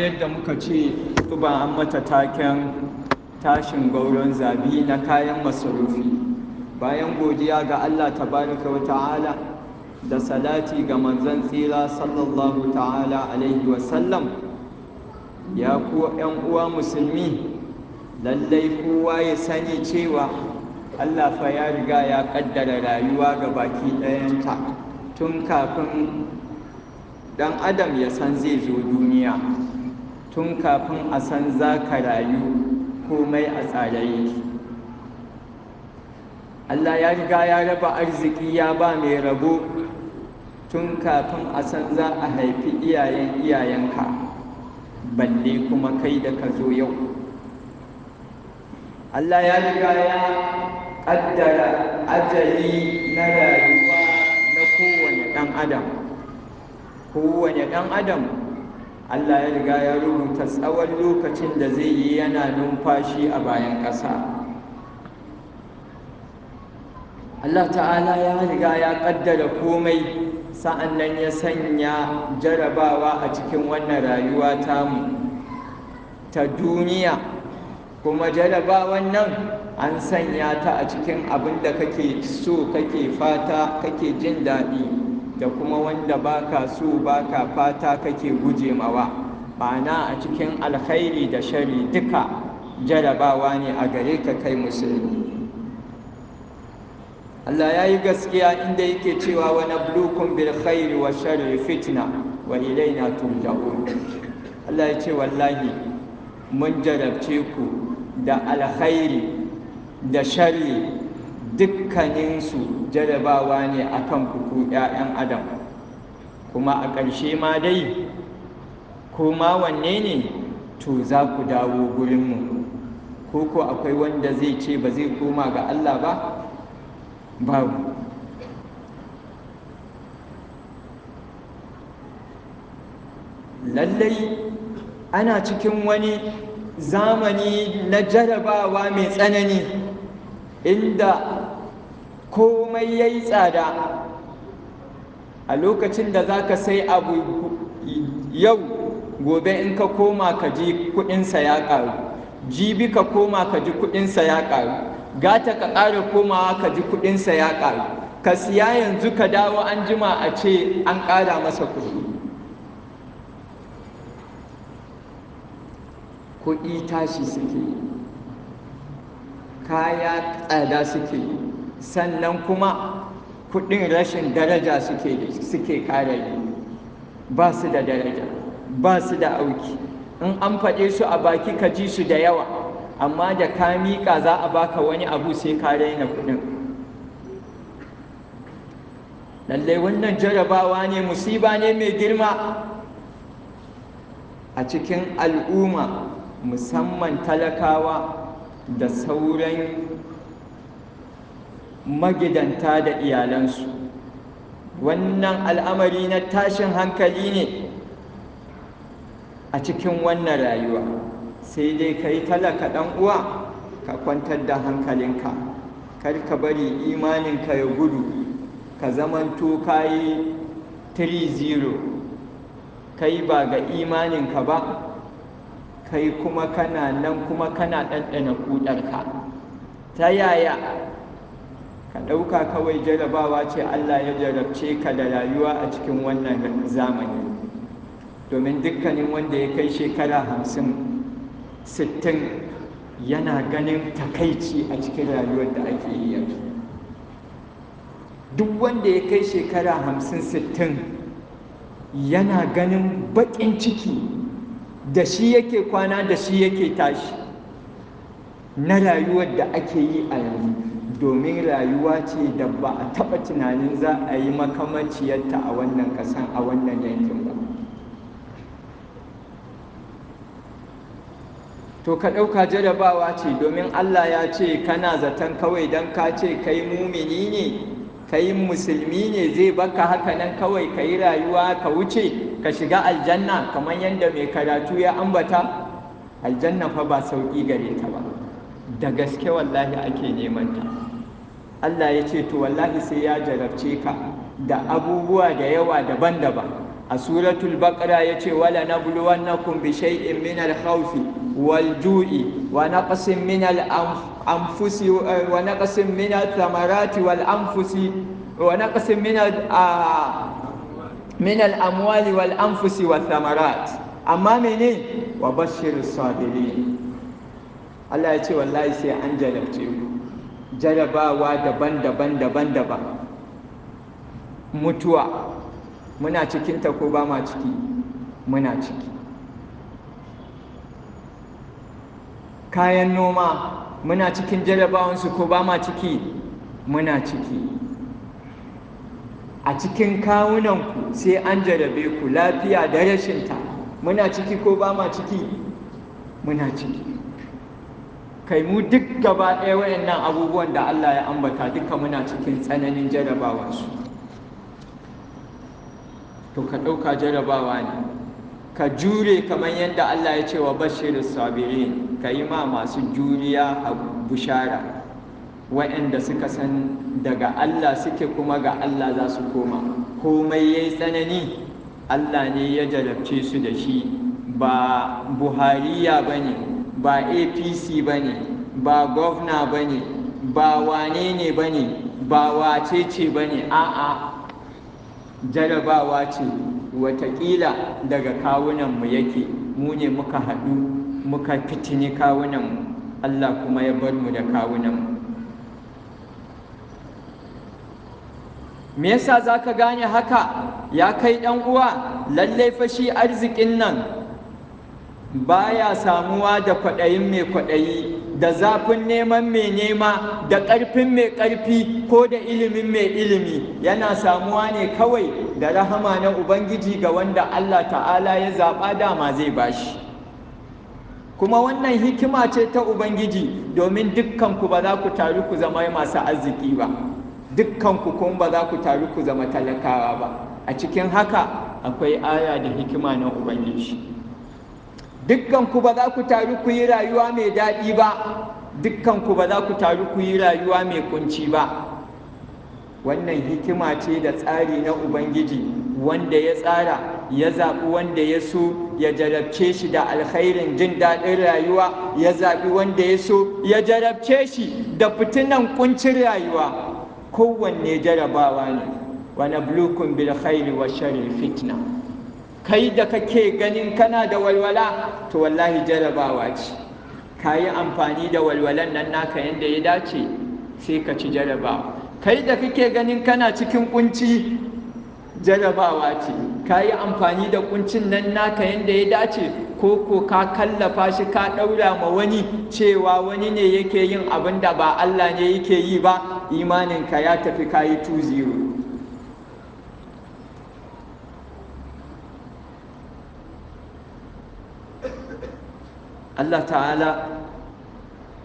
yadda muka ce tuba an mata taken tashin gauron zabi na kayan masarufi bayan godiya ga allah tabaraka wa ta'ala da salati ga manzon tsira sallallahu ta'ala alaihi wasallam ya ku yan uwa musulmi lallai kowa ya sani cewa allah fa ya riga ya kaddara rayuwa ga baki ɗayanta tun kafin dan adam ya san zai zo duniya tun kafin a san za ka rayu komai a tsare Allah ya riga ya raba arziki ya ba mai rabo tun kafin a san za a haifi iyayen iyayenka balle kuma kai da ka zo yau Allah ya riga ya ƙaddara ajali na rayuwa na kowane ɗan adam kowane ɗan adam Allah ya riga ya rubuta tsawon lokacin da zai yi yana numfashi a bayan ƙasa Allah ta'ala ya riga ya ƙaddara komai sa'an nan ya sanya jarabawa a cikin wannan rayuwa mu ta duniya kuma jarabawan nan an sanya ta a cikin abin da kake so kake fata kake jin daɗi da kuma wanda baka so baka fata kake guje mawa ma'ana a cikin alkhairi da shari duka jarabawa ne a gare ka kai musulmi Allah ya yi gaskiya inda yake cewa wani blukun bil khairi wa shari fitna wa ilaina turja'un Allah ya ce wallahi mun jarabce ku da alkhairi da shari dukkaninsu jarabawa ne a kan kuku 'ya'yan adam kuma a ƙarshe ma dai kuma wanne ne to za ku dawo gurinmu ko ko akwai wanda zai ce ba zai koma ga Allah ba babu lallai ana cikin wani zamani na jarabawa mai tsanani inda komai ya yi tsada a lokacin da za ka sai abu yau gobe in ka koma ka ji kudinsa ya ƙaru jibi ka koma ka ji kudinsa ya ƙaru gata ka ƙara komawa ka ji kudinsa ya ƙaru ka siya yanzu ka dawo an jima a ce an ƙara masa kuɗi kuɗi tashi suke kaya tsada suke yi sannan kuma kuɗin rashin daraja suke kare ba su da daraja ba su da auki in an faɗe su a baki ka ji su da yawa amma da ka miƙa za a baka wani abu sai ka raina kuɗin lallai wannan jarabawa ne musiba ne mai girma a cikin al'umma musamman talakawa da sauran magidanta da iyalansu wannan al'amari na tashin hankali ne a cikin wannan rayuwa sai dai ka yi talaka ɗan uwa ka kwantar da hankalinka kar ka bari imaninka ya gudu ka zamanto ka yi 3-0 Ka yi ba ga imaninka ba kai kuma kana nan kuma kana ɗanɗana kudarka ta yaya ka ɗauka kawai jarabawa ce allah ya jarabce ka da rayuwa a cikin wannan zamani domin dukkanin wanda ya kai shekara hamsin sittin yana ganin takaici a cikin rayuwar da ake yi yanzu duk wanda ya kai shekara hamsin sittin yana ganin baƙin ciki da shi yake kwana da shi yake tashi na rayuwar da ake yi a yanzu domin rayuwa ce da ba a taɓa tunanin za a yi makamaciyarta a wannan kasan a wannan yankin ba to ka ɗauka jarabawa ce domin allah ya ce kana zaton kawai don ka ce ka yi mumini ne ka yi musulmi ne zai baka haka nan kawai ka yi rayuwa ka wuce ka shiga aljanna kamar yadda mai karatu ya ambata aljanna fa ba sauƙi gare ta ba da gaske wallahi ake neman ta Allah ya ce to wallahi sai ya jarabce ka da abubuwa da yawa daban-daban a suratul baqara ce wala nabluwannakum bi shay'in min al-khawfi wal-ju'i wa naqsin min al-anfusi wa naqsin min al-thamarati wal-anfusi wa naqsin min min al-amwali wal-anfusi wath-thamarat amma mene wa bashshir as-sabirin Allah yace wallahi jarabawa daban-daban daban-daban mutuwa muna cikinta ko ba ma ciki muna ciki kayan noma muna cikin jarabawansu ko ba ma ciki muna ciki a cikin kawunanku sai an jarabe ku lafiya da rashinta muna ciki ko ba ma ciki muna ciki kai mu duk gaba ɗaya waɗannan abubuwan da Allah ya ambata duka muna cikin tsananin jarabawa su to ka ɗauka jarabawa ne ka jure kamar yadda Allah ya ce wa bashirin sabirin ka yi ma masu juriya a bushara waɗanda suka san daga Allah suke kuma ga Allah za su koma komai ya yi tsanani Allah ne ya jarabce su da shi ba buhariya ba ne ba apc ba ne ba gwamna ba ne ba wane ne ba ne ba wace ce ba ne a'a jarabawa ce watakila daga kawunanmu yake mu ne muka haɗu muka fitini kawunanmu allah kuma ya bar mu da kawunanmu me yasa za ka gane haka ya kai ɗan uwa lallai fashi arzikin nan baya samuwa da kwaɗayin mai kwaɗayi da zafin neman mai nema da ƙarfin mai ƙarfi ko da ilimin mai ilimi yana samuwa ne kawai da rahama na ubangiji ga wanda allah ta'ala ya zaɓa dama zai bashi kuma wannan hikima ce ta ubangiji domin dukkanku ba za ku taru ku zama masu arziki ba dukkanku kuma ba za ku taru ku zama talakawa ba a cikin haka akwai aya da hikima na ubangiji dukkanku ba za ku taru ku yi rayuwa mai daɗi ba dukkanku ba za ku taru ku yi rayuwa mai kunci ba wannan hikima ce da tsari na ubangiji wanda ya tsara ya zaɓi wanda ya so ya jarabce shi da alkhairin jin daɗin rayuwa ya zaɓi wanda ya so ya jarabce shi da fitinan kuncin rayuwa kowanne jarabawa ne wa nablukum bil khairi wa sharri fitna kai da kake ganin kana da walwala to wallahi jarabawa ce ka yi amfani da walwalan nan naka yadda ya dace sai ka ci jarabawa kai da kake ganin kana cikin kunci jarabawa ce ka yi amfani da kuncin nan naka yadda ya dace ko ko ka kallafa shi ka ɗaura ma wani cewa wani ne yake yin abin da ba Allah ne yake yi ba imaninka ya tafi ka yi 2 Allah ta'ala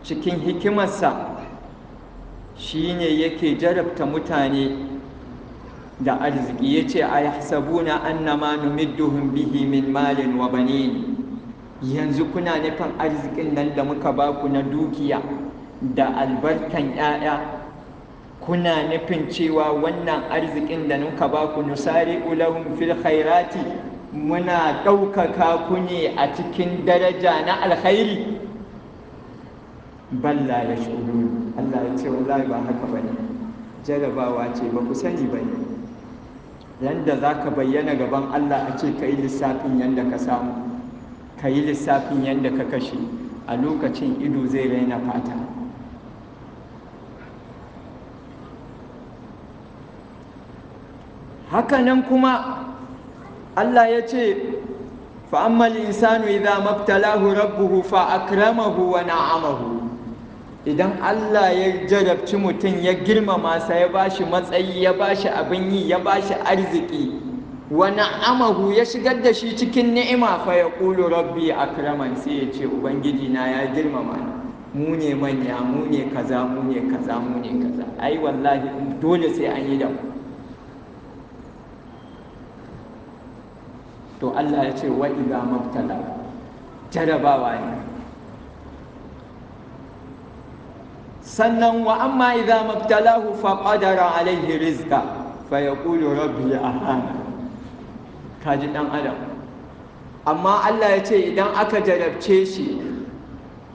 cikin hikimarsa shi ne yake jarabta mutane da arziki ya ce a yahsabuna annama numidduhum bihi min malin wa banin yanzu kuna nufin arzikin nan da muka baku na dukiya da albarkan 'ya'ya kuna nufin cewa wannan arzikin da nuka baku nusari ulahum fil khairati muna ɗaukaka ku ne a cikin daraja na alkhairi balla ya shuru Allah ya ce wallahi ba haka bane jarabawa ce ba ku sani bane yanda za ka bayyana gaban Allah a ce ka yi lissafin yanda ka samu ka yi lissafin yanda ka kashe a lokacin ido zai raina fata hakanan kuma Allah ya ce fa'ammal insanu idza mabtalahu rabbuhu fa akramahu wa na'amahu idan Allah ya jarabci mutum ya girmama sa ya bashi matsayi ya bashi abin yi ya bashi arziki wa na'amahu ya shigar da shi cikin ni'ima fa ya ƙulu rabbi akraman sai ya ce ubangiji na ya girmama ni mu ne manya mu ne kaza mu ne kaza mu ne kaza ai wallahi dole sai an yi da mu to Allah ya ce wa idza mabtala jarabawa ne sannan wa amma idza mabtalahu fa qadara alaihi rizqa fa yaqulu rabbi ahana kaji dan adam amma Allah ya ce idan aka jarabce shi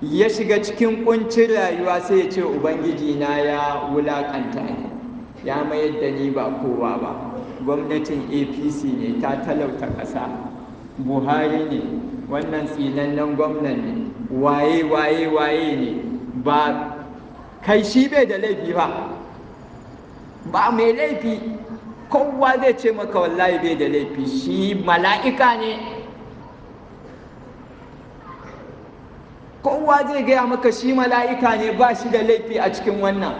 ya shiga cikin kuncin rayuwa sai ya ce ubangiji na ya wulakanta ni ya mayar da ni ba kowa ba gwamnatin apc ne ta talauta ƙasa buhari ne wannan tsinannen gwamnan ne waye waye waye ne ba kai shi bai da laifi ba ba mai laifi kowa zai ce maka wallahi bai da laifi shi mala'ika ne kowa zai gaya maka shi mala'ika ne ba shi da laifi a cikin wannan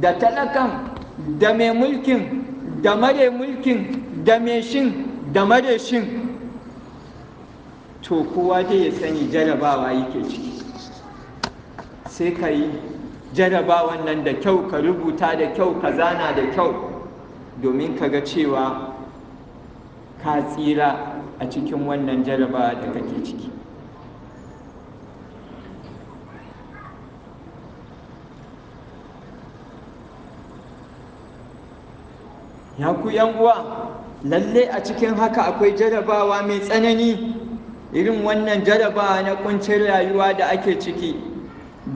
da talakan da mai mulkin da mare mulkin da shin da mare shin to kowa dai ya sani jarabawa yake ciki sai ka yi jarabawan nan da kyau ka rubuta da kyau ka zana da kyau domin ka ga cewa ka tsira a cikin wannan jarabawa da kake ciki ya ku yan uwa lalle a cikin haka akwai jarabawa mai tsanani irin wannan jarabawa na kuncin rayuwa da ake ciki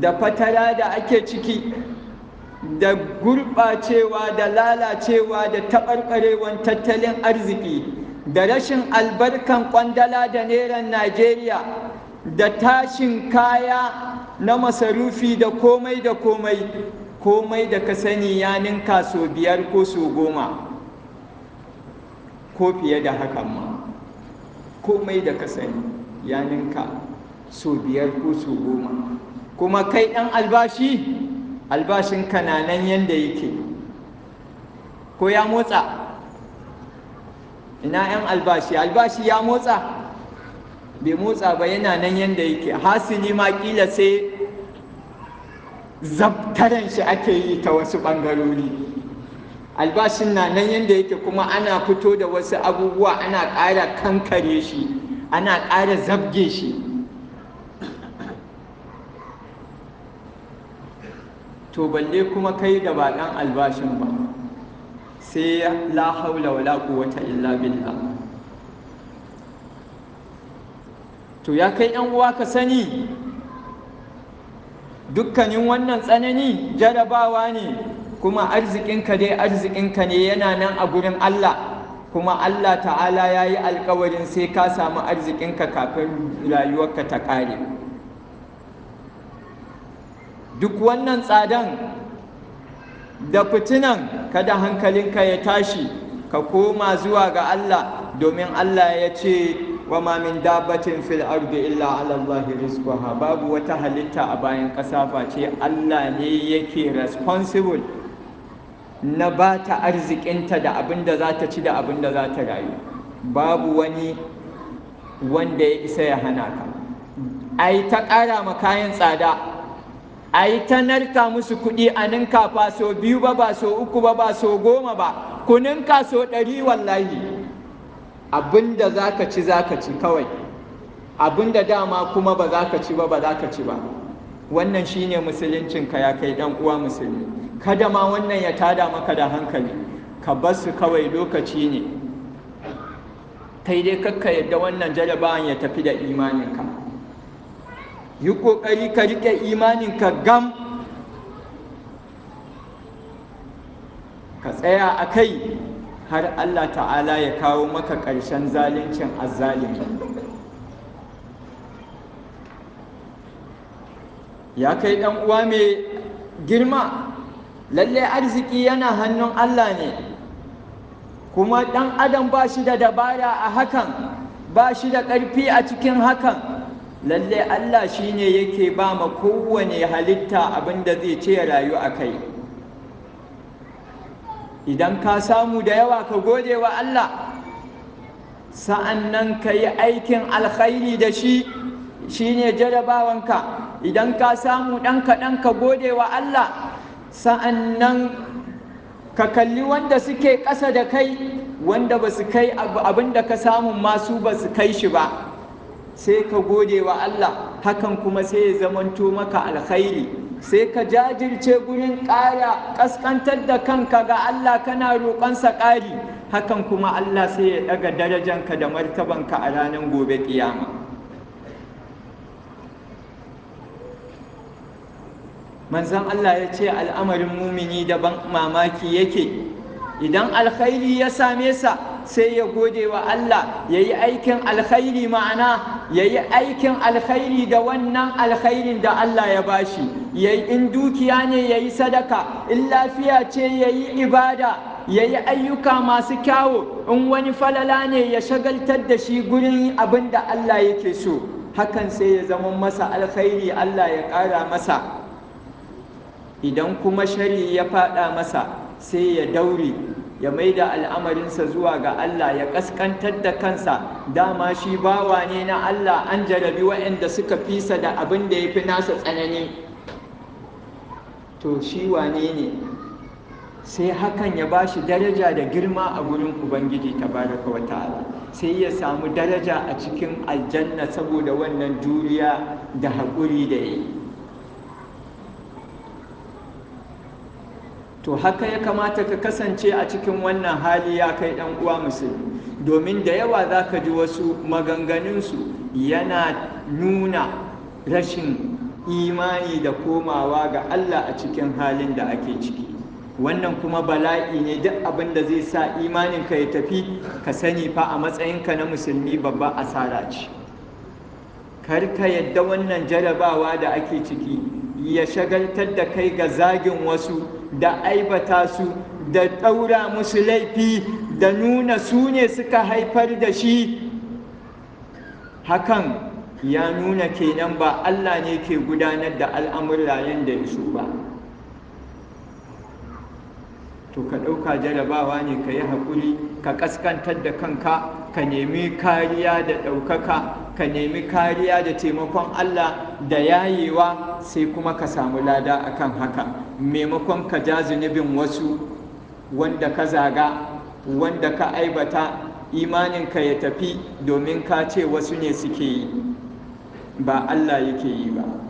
da fatara da ake ciki da gurɓacewa da lalacewa da taɓarɓarewar tattalin arziki da rashin albarkan ƙwandala da neran najeriya da tashin kaya na masarufi da komai da komai komai da ka sani ya ninka biyar ko so goma ko fiye da hakan ma komai da ka sani ya ninka so biyar ko so goma kuma kai ɗan albashi albashin kananan yadda yake ko ya motsa ina 'yan albashi albashi ya motsa bai motsa ba yana nan yadda yake hasili ma kila sai zabtaran shi ake yi ta wasu ɓangarori albashin na nan yadda yake kuma ana fito da wasu abubuwa ana ƙara kankare shi ana ƙara zabge shi to balle kuma kai da baƙan albashin ba sai la haula wala quwwata illa billah to ya kai yan uwa ka sani dukkanin wannan tsanani jarabawa ne kuma arzikinka dai arzikinka ne yana nan a gurin Allah kuma Allah ta'ala ya yi alkawarin sai ka samu arzikinka kafin rayuwarka ta ƙare duk wannan tsadan da fitinan kada hankalinka ya tashi ka koma zuwa ga Allah domin Allah ya ce wa ma min dabbatin fil ardi illa ala Allah rizquha babu wata halitta a bayan ƙasa face Allah ne yake responsible na ba ta arzikinta da abin da za ta ci da abin da za ta rayu babu wani wanda ya isa ya hana ka A yi ta ƙara ma kayan tsada a yi ta narka musu kuɗi a ninka ba so biyu ba ba so uku ba ba so goma ba ku ninka so ɗari wallahi abin da za ka ci za ka ci kawai abin da dama kuma ba za ka ci ba ba za ka ci ba wannan shine musuluncinka ya kai ɗan uwa musulmi kada ma wannan ya tada maka da hankali ka bar su kawai lokaci ne kai dai kakka yadda wannan jarabawan ya tafi da imaninka yi ƙoƙari ka riƙe ka gam ka tsaya a kai har Allah ta'ala ya kawo maka ƙarshen zaluncin azzalimi ya kai ɗan uwa mai girma lalle arziki yana hannun Allah ne kuma ɗan adam ba shi da dabara a hakan ba shi da ƙarfi a cikin hakan lalle Allah shi ne yake ba ma kowane halitta abin da zai ce rayu a kai idan ka samu da yawa ka gode wa Allah sa'an nan ka yi aikin alkhairi da shi shi ne jarabawanka idan ka samu ɗan kaɗan ka gode wa Allah sa'annan ka kalli wanda suke ƙasa da kai wanda ba su kai abin da ka samun masu ba su kai shi ba sai ka gode wa Allah hakan kuma sai ya zamanto maka alkhairi sai ka jajirce gurin ƙara ƙasƙantar da kanka ga Allah kana roƙonsa ƙari hakan kuma Allah sai ya ɗaga darajanka da martabanka a ranar gobe ƙiyama. manzan Allah ya ce al'amarin mumini daban mamaki yake idan alkhairi ya same sa sai ya gode wa Allah ya yi aikin alkhairi ma'ana ya yi aikin alkhairi da wannan alkhairin da Allah ya bashi ya yi in dukiya ne ya yi sadaka in lafiya ce ya yi ibada ya yi ayyuka masu kyawo in wani falala ne ya shagaltar da shi gurin abin da Allah yake so hakan sai ya zama masa alkhairi Allah ya ƙara masa idan kuma shari ya faɗa masa sai ya daure ya mai da al'amarinsa zuwa ga Allah ya ƙasƙantar da kansa dama shi bawa ne na Allah an jarabi waɗanda suka fisa da abin da ya fi nasa tsanani to shi wane ne sai hakan ya ba shi daraja da girma a gurin ubangiji baraka wa ta'ala sai ya samu daraja a cikin aljanna saboda wannan juriya da haƙuri da ya yi to haka ya kamata ka kasance a cikin wannan hali ya kai ɗan uwa musulmi domin da yawa za ka ji wasu maganganunsu yana nuna rashin imani da komawa ga Allah a cikin halin da ake ciki wannan kuma bala'i ne duk abin da zai sa imaninka ya tafi ka sani fa a matsayinka na musulmi babba asara ce kar ka yadda wannan jarabawa da ake ciki ya shagaltar da kai ga zagin wasu da aibata su da ɗaura musu laifi da nuna su ne suka haifar da shi hakan ya nuna kenan ba Allah ne ke gudanar da al'amurra da ya so ba to ka ɗauka jarabawa ne ka yi haƙuri ka ƙaskantar da kanka ka nemi kariya da ɗaukaka ka nemi kariya da taimakon Allah da yayewa sai kuma ka samu lada akan haka maimakon ka ja zunubin wasu wanda ka zaga wanda ka aibata ka ya tafi domin ka ce wasu ne suke yi ba Allah yake yi ba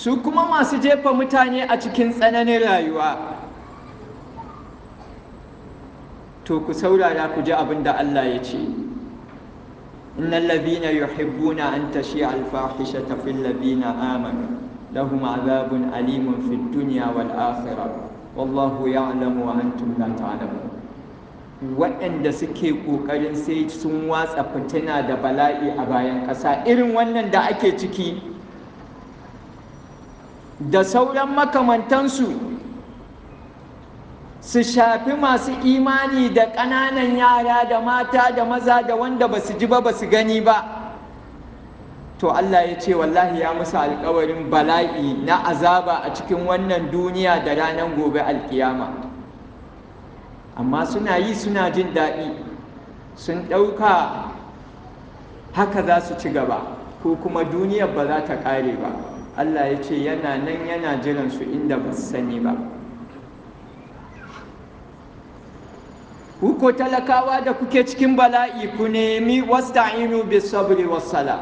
su kuma masu jefa mutane a cikin tsananin rayuwa to ku saurara ku ji abinda Allah ya ce إن الذين يحبون أن تشيع الفاحشة في الذين آمنوا لهم عذاب أليم في الدنيا والآخرة والله يعلم وأنتم لا تعلمون waɗanda suke ƙoƙarin sai sun watsa fitina da bala'i a bayan ƙasa irin wannan da ake ciki da sauran makamantansu su shafi masu imani da ƙananan yara da mata da maza da wanda ba su ji ba ba su gani ba to Allah ya ce wallahi ya musu alkawarin bala'i na azaba a cikin wannan duniya da ranar gobe alkiyama amma suna yi suna jin daɗi sun ɗauka haka za su ci gaba ko kuma duniyar ba za ta ƙare ba Allah ya ce yana nan yana jiran su inda ba su sani ba Kuko talakawa da kuke cikin bala'i ku nemi wasta'inu bis sabri was sala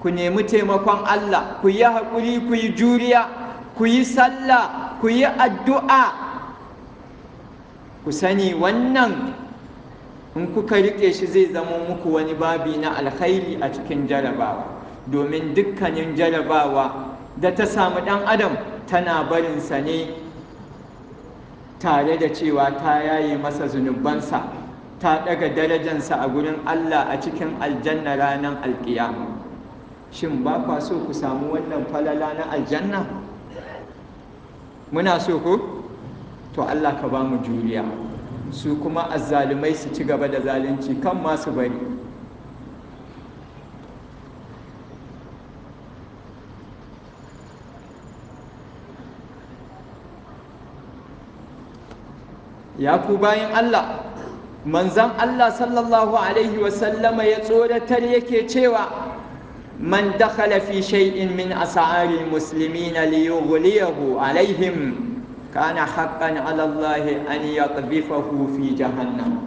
ku nemi taimakon Allah ku yi haƙuri ku yi juriya ku yi sallah ku yi addu'a ku sani wannan in kuka riƙe shi zai zama muku wani babi na alkhairi a cikin jarabawa domin dukkanin jarabawa da ta samu ɗan adam tana barinsa ne tare da cewa ta yaye masa zunubansa ta ɗaga darajansa a gurin Allah a cikin aljanna ranar alƙiyama shin ba kwa so ku samu wannan falala na aljanna muna so ku to Allah ka ba mu juriya su kuma azzalumai su ci gaba da zalunci kan masu bari يا كوبين الله من زم الله صلى الله عليه وسلم يتصور تريك يتشوى من دخل في شيء من أسعار المسلمين ليغليه عليهم كان حقا على الله أن يطبفه في جهنم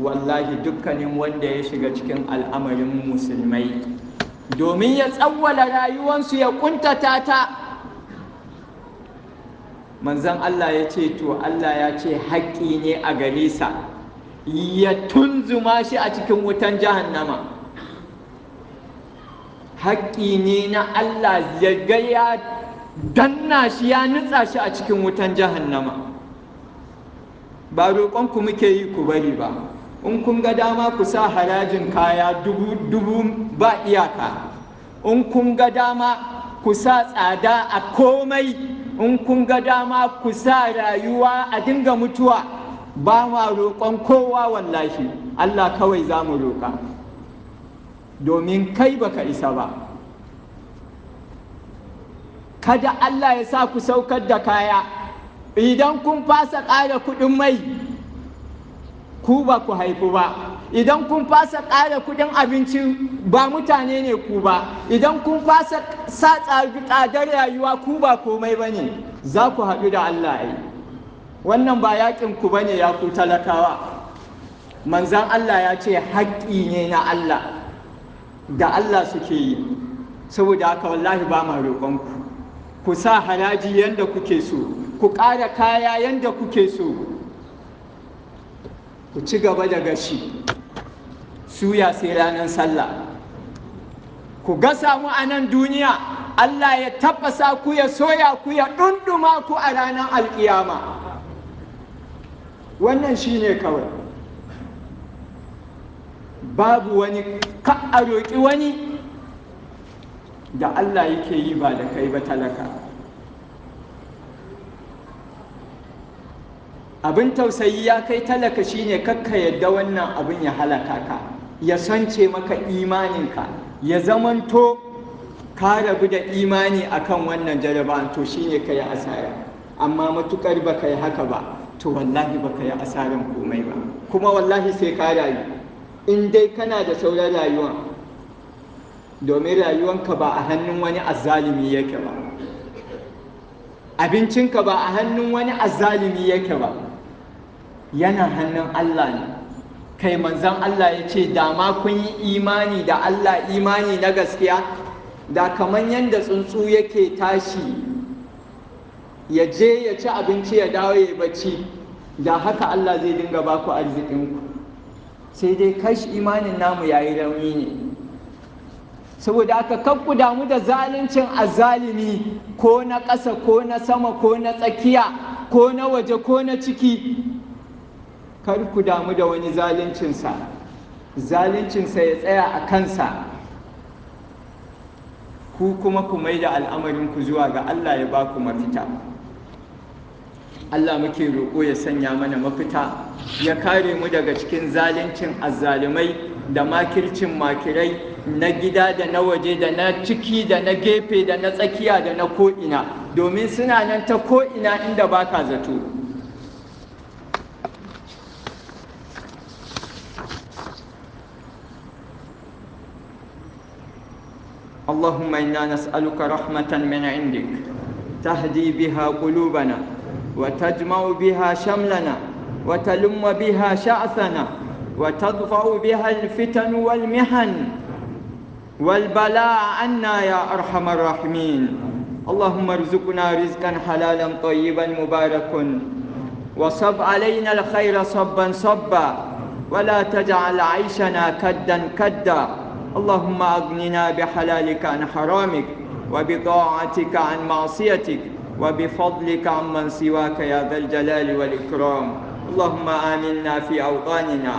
والله دكني موندا يشجعك الأمر المسلمين دومية أول رأي وانسي كنت تأتي manzan Allah ya ce to Allah ya ce haƙƙi ne a gare sa ya tunzuma shi a cikin wutan jahannama haƙƙi ne na Allah ya ga ya danna shi ya nutsa shi a cikin wutan jahannama ba roƙonku muke yi ku bari ba in kun ga dama ku sa harajin kaya dubu dubu ba iyaka in kun ga dama ku sa tsada a komai in kun ga dama ku sa rayuwa a dinga mutuwa ba ma roƙon kowa wallahi Allah kawai za mu roƙa domin kai baka isa ba kada Allah ya sa ku saukar da kaya idan kun fasa ƙara kuɗin mai ku ba ku haifu ba idan kun fasa ƙara kuɗin abinci ba mutane ne ku ba idan kun fasa sa tsadar rayuwa ku ba komai ba ne za ku haɗu da Allah yi wannan ba yaƙin ku ba ne ya ku talakawa manzan Allah ya ce haƙƙi ne na Allah da Allah suke yi saboda haka wallahi ba ma roƙonku ku sa haraji yadda kuke so ku ƙara kaya yadda kuke so ku ci gaba da gashi suya sai ranar sallah ku ga samu a nan duniya Allah ya tabbasa ku ya soya ku ya ɗunɗumaku ku a ranar alƙiyama wannan shi ne kawai babu wani ka a roƙi wani da Allah yake yi ba da kai ba talaka abin tausayi ya kai talaka shine kakka yadda wannan abin ya halaka ka ya sance maka imaninka ya zamanto ka rabu da imani akan wannan jaraba to shine ka yi asara amma matukar ba ka yi haka ba to wallahi ba ka yi asaran komai ba kuma wallahi sai ka rayu in dai kana da sauran rayuwa domin rayuwanka ba a hannun wani azzalimi yake ba abincinka ba a hannun wani azzalimi yake ba yana hannun Allah ne kai manzan Allah ya ce da ma kun yi imani da Allah imani na gaskiya da kamar yadda tsuntsu yake tashi ya je ya ci abinci ya dawo ya bacci da haka Allah zai dinga ba ku arzikinku sai dai kashi imanin namu ya yi rauni ne saboda aka kakku damu da zaluncin azalimi ko na ƙasa ko na sama ko na tsakiya ko na waje ko na ciki kar ku damu da wani zaluncinsa zaluncinsa ya tsaya a kansa ku kuma ku mai da ku zuwa ga Allah ya ba ku mafita Allah muke roƙo ya sanya mana mafita ya kare mu daga cikin zaluncin azzalumai da makircin makirai na gida da na waje da na ciki da na gefe da na tsakiya da na ko'ina domin suna nan ta ko'ina inda baka zato اللهم إنا نسألك رحمة من عندك تهدي بها قلوبنا وتجمع بها شملنا وتلم بها شعثنا وتضفأ بها الفتن والمحن والبلاء عنا يا أرحم الراحمين اللهم ارزقنا رزقا حلالا طيبا مباركا وصب علينا الخير صبا صبا ولا تجعل عيشنا كدا كدا اللهم أغننا بحلالك عن حرامك وبطاعتك عن معصيتك وبفضلك عمن سواك يا ذا الجلال والإكرام اللهم آمنا في أوطاننا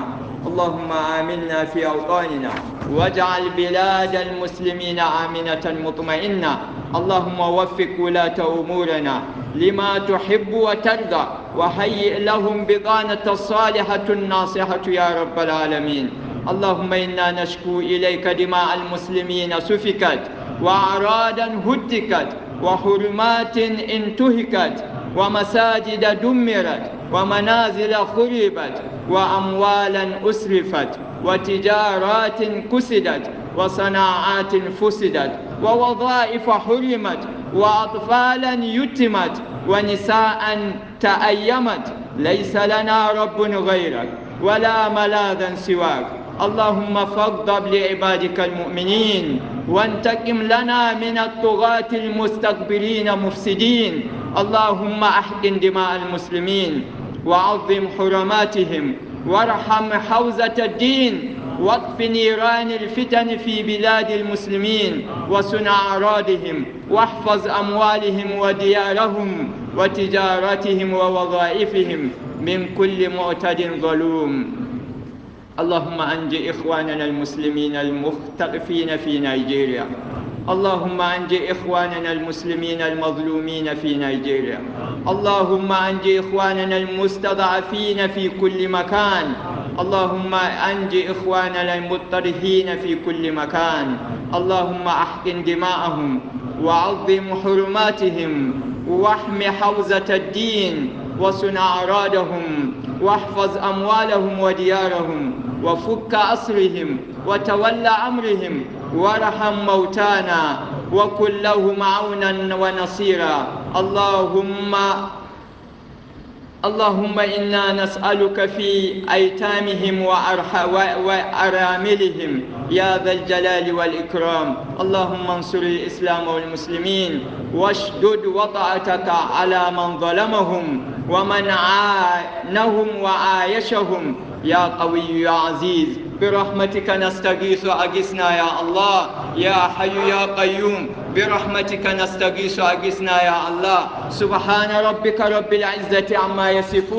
اللهم آمنا في أوطاننا واجعل بلاد المسلمين آمنة مطمئنة اللهم وفق ولاة أمورنا لما تحب وترضى وهيئ لهم بضانة الصالحة الناصحة يا رب العالمين اللهم إنا نشكو إليك دماء المسلمين سفكت وأعراضا هتكت وحرمات انتهكت ومساجد دمرت ومنازل خربت وأموالا أسرفت وتجارات كسدت وصناعات فسدت ووظائف حرمت وأطفالا يتمت ونساء تأيمت ليس لنا رب غيرك ولا ملاذا سواك اللهم فضب لعبادك المؤمنين وانتقم لنا من الطغاة المستقبلين مفسدين اللهم احقن دماء المسلمين وعظم حرماتهم وارحم حوزة الدين واطف نيران الفتن في بلاد المسلمين وصنع أعراضهم واحفظ أموالهم وديارهم وتجارتهم ووظائفهم من كل معتد ظلوم اللهم أنج إخواننا المسلمين المختلفين في نيجيريا اللهم أنج إخواننا المسلمين المظلومين في نيجيريا اللهم أنج إخواننا المستضعفين في كل مكان اللهم أنج إخواننا المضطرهين في كل مكان اللهم أحقن دماءهم وعظم حرماتهم واحم حوزة الدين وصنع أعرادهم واحفظ أموالهم وديارهم وفك أسرهم وتول أمرهم وارحم موتانا وكن لهم عونا ونصيرا اللهم اللهم إنا نسألك في أيتامهم وأراملهم يا ذا الجلال والإكرام اللهم انصر الإسلام والمسلمين واشدد وطأتك على من ظلمهم ومن عانهم وعايشهم يا قوي يا عزيز برحمتك نستغيث أجسنا يا الله يا حي يا قيوم برحمتك نستغيث أجسنا يا الله سبحان ربك رب العزة عما يصفون